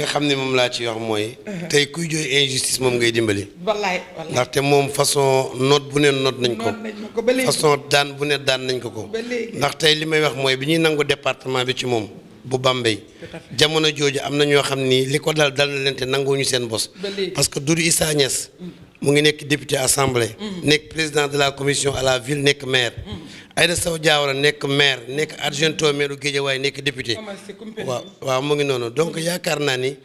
nga xam ni moom laa ci wax mooy. Mhm. tey kuy jooy injustice moom ngay dimbali. wallaay ndaxte moom façon note bu ne note nañ ko. façon daan bu ne daan nañ ko ko. ndax tey li may wax mooy bi ñuy nangu département bi ci moom. bu Bambey jamono jooju am na ñoo xam ni li ko dal dal na leen te nanguwuñu seen bos parce que du Issa Niass mm. mu ngi nekk député assemblée mm. nekk président de la commission à la ville nekk maire mm. Aïda Sow Diawara nekk maire nekk adjoint au maire Guédiawaye nekk député waaw waaw mu ngi noonu donc yaakaar naa ni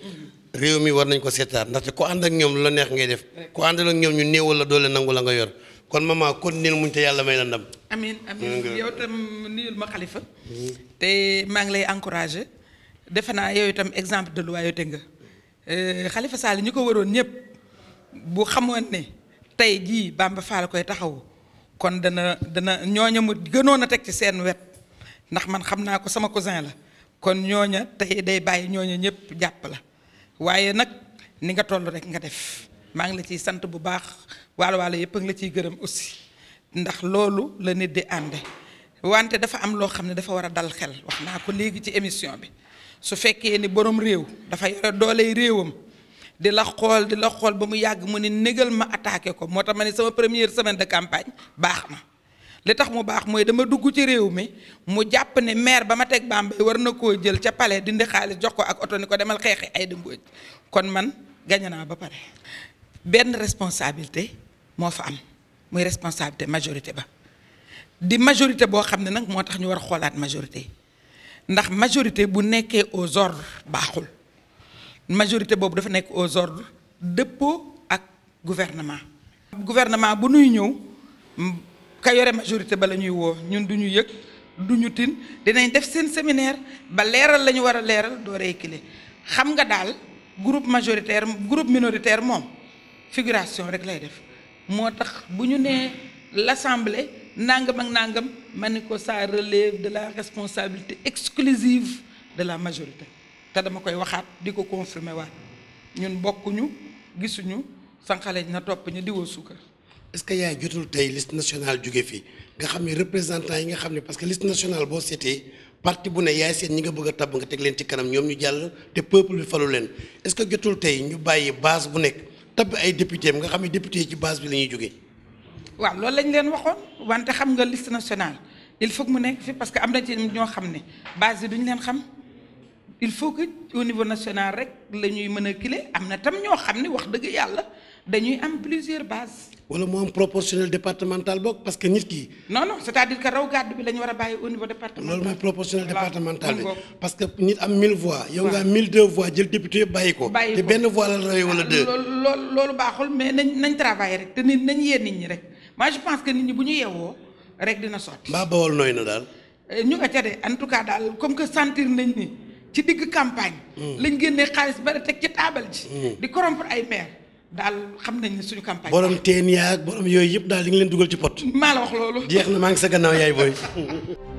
réew mi war nañ ko seetaat ndaxte ku ànd ak ñoom lu la neex ngay def ku àndal ak ñoom ñu néewal la doole nangu la nga yor kon maman kon nil muñ yàlla may la ndam amiin amiin yow itam nuyul ma xalifa mhm. te maa ngi lay encouragé defe naa yow itam exemple de loyauté nga xalifa euh, Sall ñi ko waroon ñëpp bu xamoon ne tey jii Bamba Fall koy taxawu kon dana dana ñooña mu gënoon a teg ci seen wet ndax man xam naa ko sama cousin la kon ñooña tey day bàyyi ñooña ñëpp jàpp la waaye nag ni nga toll rek nga def maa ngi la ciy sant bu baax waalo waalo yëpp a la ciy gërëm aussi ndax loolu la nit di ànde wante dafa am loo xam ne dafa war a dal xel wax naa ko léegi ci émission bi su fekkee ni borom réew dafa yore dooley réewam di la xool di la xool ba mu yàgg mu ni négal ma attaqué ko moo tax ma ne sama première semaine de campagne baax na li tax mu baax mooy dama dugg ci réew mi mu jàpp ne maire ba ma teg Bambey war na koo jël ca palais dindi xaalis jox ko ak oto ni ko demal xeexi ay dëmbooj kon man gañe naa ba pare benn responsabilité moo fa am de la majorité ba La majorité La majorité est la ñu majorité ndax majorité bu aux ordres La majorité boobu dafa nekk aux ordres du ak gouvernement. gouvernement bu nuy majorité ba la ñuy woo ñun du Nous tin dinañ def un séminaire ba a groupe majoritaire groupe minoritaire une figuration motax buñu né l'assemblée nangam ak nangam maniko ni ça relève de la responsabilité exclusive de la majorité te dama koy waxat diko confirmer waat ñun bokkuñu gisunu sànqaleñ na topp ñu diwoo suukar. est-ce que yaay jotul tay liste nationale jóge fi nga xam représentant yi nga xam parce que liste nationale bo cété parti bu né yaay seen ñi nga bëgg tab nga teg leen ci kanam ñom ñu jall té peuple bi falu leen est-ce que jotul tay ñu bayyi base bu nekk tabb ay député nga xamni député ci base bi lañuy ñuy wa loolu lañ leen waxoon wante xam nga liste nationale il faut que mu nek fi parce que amna ci ño xamné base bi duñ leen xam il faut que au niveau national rek la ñuy mën a kile tam ñoo xamni wax deug yalla dañuy am plusieurs bases. wala mo am proportionnel départemental bok parce que nit ki. non non c'est-à-dire que raw gàddu bi lañu wara war au niveau départemental. loolu mooy proportionnel départemental parce que nit am 1000 voix. yow nga 1002 voix jël député bayiko té ko. voix la rawee wala ah, deux. lolou baxul mais nañ nañ travailler rek té nit nañ yee nit ñi rek moi je pense que nit ñi buñu yéwo rek dina sotti. ba bawol noy na dal euh, ñu nga ca de en tout cas dal comme que sentir nañ ni. ci digg campagne. Mm. lañ génnee xaalis bari teg ci taabal ji. Mm. di corrompre ay maire daal xam nañ ne suñu campagne. borom teen yaag borom yooyu yëpp daal li ñu leen dugal ci pot. maa la wax loolu. jeex na maa ngi sa gannaaw yaay booy.